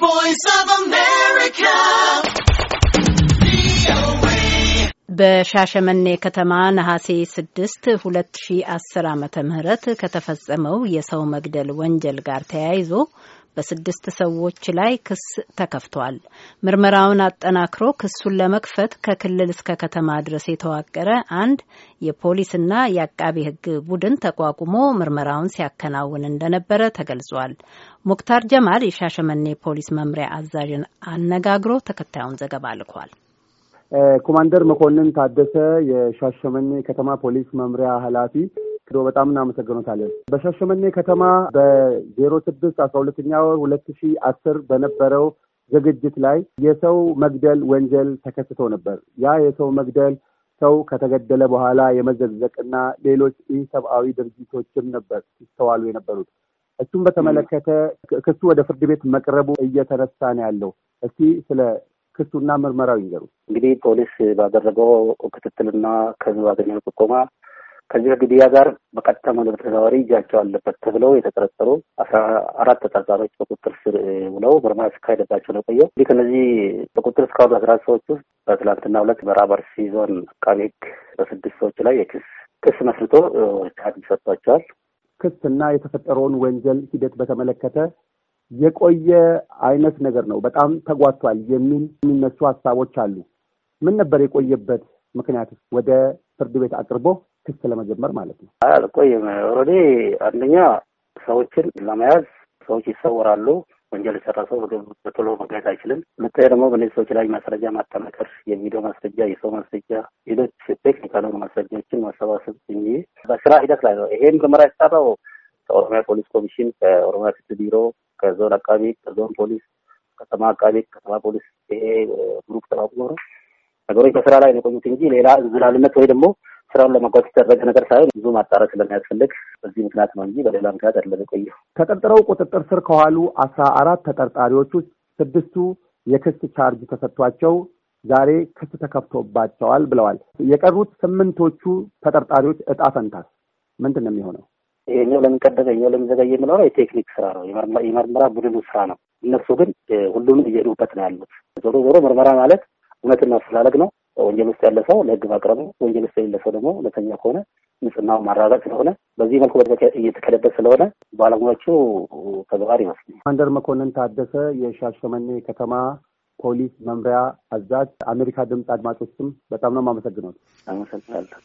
The በሻሸመኔ ከተማ ነሐሴ 6 2010 ም ከተፈጸመው የሰው መግደል ወንጀል ጋር ተያይዞ በስድስት ሰዎች ላይ ክስ ተከፍቷል። ምርመራውን አጠናክሮ ክሱን ለመክፈት ከክልል እስከ ከተማ ድረስ የተዋቀረ አንድ የፖሊስና የአቃቢ ሕግ ቡድን ተቋቁሞ ምርመራውን ሲያከናውን እንደነበረ ተገልጿል። ሙክታር ጀማል የሻሸመኔ ፖሊስ መምሪያ አዛዥን አነጋግሮ ተከታዩን ዘገባ ልኳል። ኮማንደር መኮንን ታደሰ የሻሸመኔ ከተማ ፖሊስ መምሪያ ኃላፊ ወስዶ በጣም እናመሰግኖታለን። በሻሸመኔ ከተማ በዜሮ ስድስት አስራ ሁለተኛ ወር ሁለት ሺ አስር በነበረው ዝግጅት ላይ የሰው መግደል ወንጀል ተከስቶ ነበር። ያ የሰው መግደል ሰው ከተገደለ በኋላ የመዘግዘቅና ሌሎች ኢሰብአዊ ድርጊቶችም ነበር ሲስተዋሉ የነበሩት። እሱም በተመለከተ ክሱ ወደ ፍርድ ቤት መቅረቡ እየተነሳ ነው ያለው። እስቲ ስለ ክሱና ምርመራው ይንገሩ። እንግዲህ ፖሊስ ባደረገው ክትትልና ከህዝብ ባገኘው ጥቆማ ከዚህ ግድያ ጋር በቀጥታ በተዘዋዋሪ እጃቸው አለበት ተብለው የተጠረጠሩ አስራ አራት ተጠርጣሪዎች በቁጥር ስር ውለው ምርመራ ሲካሄድባቸው ነው ቆየው። እንዲህ ከነዚህ በቁጥር ስር ካሉ አስራ ሰዎች ውስጥ በትላንትና ሁለት ምዕራብ አርሲ ዞን አቃቤ ሕግ በስድስት ሰዎች ላይ የክስ ክስ መስርቶ ቻርጅ ሰጥቷቸዋል። ክስና የተፈጠረውን ወንጀል ሂደት በተመለከተ የቆየ አይነት ነገር ነው። በጣም ተጓቷል የሚል የሚነሱ ሀሳቦች አሉ። ምን ነበር የቆየበት ምክንያት? ወደ ፍርድ ቤት አቅርቦ ክስ ለመጀመር ማለት ነው? አልቆይም። ኦልሬዲ አንደኛ ሰዎችን ለመያዝ ሰዎች ይሰወራሉ። ወንጀል የሰራ ሰው በቶሎ መገኘት አይችልም። ምታይ ደግሞ በእነዚህ ሰዎች ላይ ማስረጃ ማጠናከር፣ የቪዲዮ ማስረጃ፣ የሰው ማስረጃ፣ ሌሎች ቴክኒካል ማስረጃዎችን ማሰባሰብ እንጂ በስራ ሂደት ላይ ነው። ይሄን ምርመራ የተሰራው ከኦሮሚያ ፖሊስ ኮሚሽን፣ ከኦሮሚያ ፍትህ ቢሮ፣ ከዞን አቃቢ፣ ከዞን ፖሊስ፣ ከተማ አቃቢ፣ ከተማ ፖሊስ ይሄ ግሩፕ ተባብሮ ነገሮች በስራ ላይ ነው የቆዩት እንጂ ሌላ እንዝላልነት ወይ ደግሞ ስራውን ለመጓዝ የተደረገ ነገር ሳይሆን ብዙ ማጣራት ስለሚያስፈልግ በዚህ ምክንያት ነው እንጂ በሌላ ምክንያት አይደለም የቆየው። ተጠርጥረው ቁጥጥር ስር ከዋሉ አስራ አራት ተጠርጣሪዎች ውስጥ ስድስቱ የክስ ቻርጅ ተሰጥቷቸው ዛሬ ክስ ተከፍቶባቸዋል ብለዋል። የቀሩት ስምንቶቹ ተጠርጣሪዎች እጣ ፈንታስ ምንድን ነው የሚሆነው? ይሄኛው ለምን ቀደመ፣ ይሄኛው ለምን ዘገየ የምለው ነው የቴክኒክ ስራ ነው፣ የምርመራ ቡድኑ ስራ ነው። እነሱ ግን ሁሉምን እየሄዱበት ነው ያሉት። ዞሮ ዞሮ ምርመራ ማለት እውነትን ማፈላለግ ነው። ወንጀል ውስጥ ያለ ሰው ለህግ ማቅረቡ፣ ወንጀል ውስጥ የሌለ ሰው ደግሞ እውነተኛ ከሆነ ንጽህናውን ማረጋገጥ ስለሆነ በዚህ መልኩ እየተከለበት ስለሆነ ባለሙያዎቹ ተግባር ይመስል አንደር መኮንን ታደሰ የሻሸመኔ ከተማ ፖሊስ መምሪያ አዛዥ። አሜሪካ ድምፅ አድማጮችም በጣም ነው የማመሰግነው። አመሰግናለሁ።